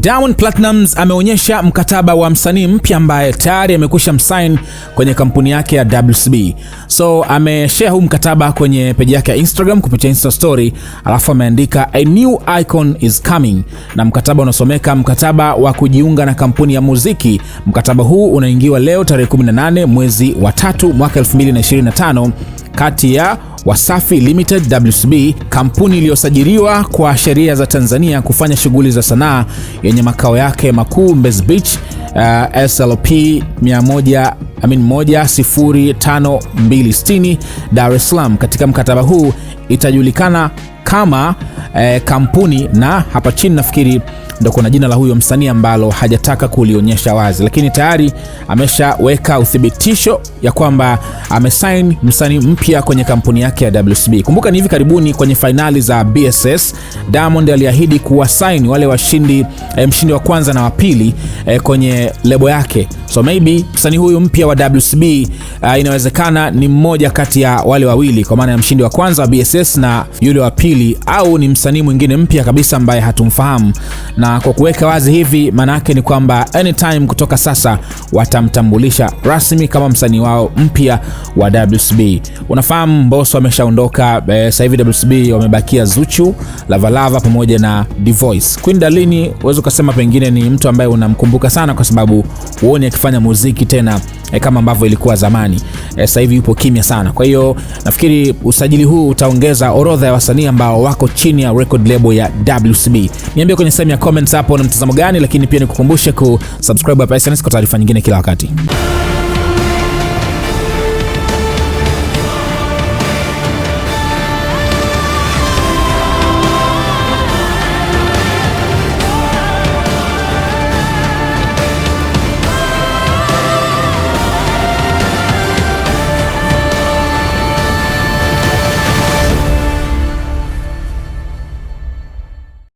Diamond Platnumz ameonyesha mkataba wa msanii mpya ambaye tayari amekwisha msign kwenye kampuni yake ya WCB. So ameshare huu mkataba kwenye peji yake ya Instagram kupitia Insta story, alafu ameandika a new icon is coming, na mkataba unasomeka mkataba wa kujiunga na kampuni ya muziki. Mkataba huu unaingiwa leo tarehe 18 mwezi wa tatu mwaka 2025 kati ya Wasafi Limited WCB, kampuni iliyosajiliwa kwa sheria za Tanzania kufanya shughuli za sanaa yenye makao yake makuu Mbezi Beach, uh, SLP 100 amin Dar es Salaam. Katika mkataba huu itajulikana kama eh, kampuni na hapa chini nafikiri ndo kuna jina la huyo msanii ambalo hajataka kulionyesha wazi, lakini tayari ameshaweka uthibitisho ya kwamba amesign msanii mpya kwenye kampuni yake ya WCB. Kumbuka ni hivi karibuni kwenye fainali za BSS Diamond aliahidi kuwasaini wale washindi, eh, mshindi wa kwanza na wa pili eh, kwenye lebo yake. So maybe msanii huyu mpya wa WCB eh, inawezekana ni mmoja kati ya wale wawili, kwa maana ya mshindi wa kwanza wa BSS na yule wa pili, au ni msanii mwingine mpya kabisa ambaye hatumfahamu na kwa kuweka wazi hivi, maanake ni kwamba anytime kutoka sasa watamtambulisha rasmi kama msanii wao mpya wa WCB. Unafahamu Mbosso ameshaondoka eh, sasa hivi WCB wamebakia Zuchu, Lavalava pamoja na Dvoice. Queen dalini uweze ukasema pengine ni mtu ambaye unamkumbuka sana kwa sababu huoni akifanya muziki tena eh, kama ambavyo ilikuwa zamani e, sasa hivi yupo kimya sana. Kwa hiyo nafikiri usajili huu utaongeza orodha ya wasanii ambao wako chini ya record label ya WCB. Niambie kwenye sehemu ya comments hapo na mtazamo gani, lakini pia nikukumbushe kusubscribe hapa SnS kwa taarifa nyingine kila wakati.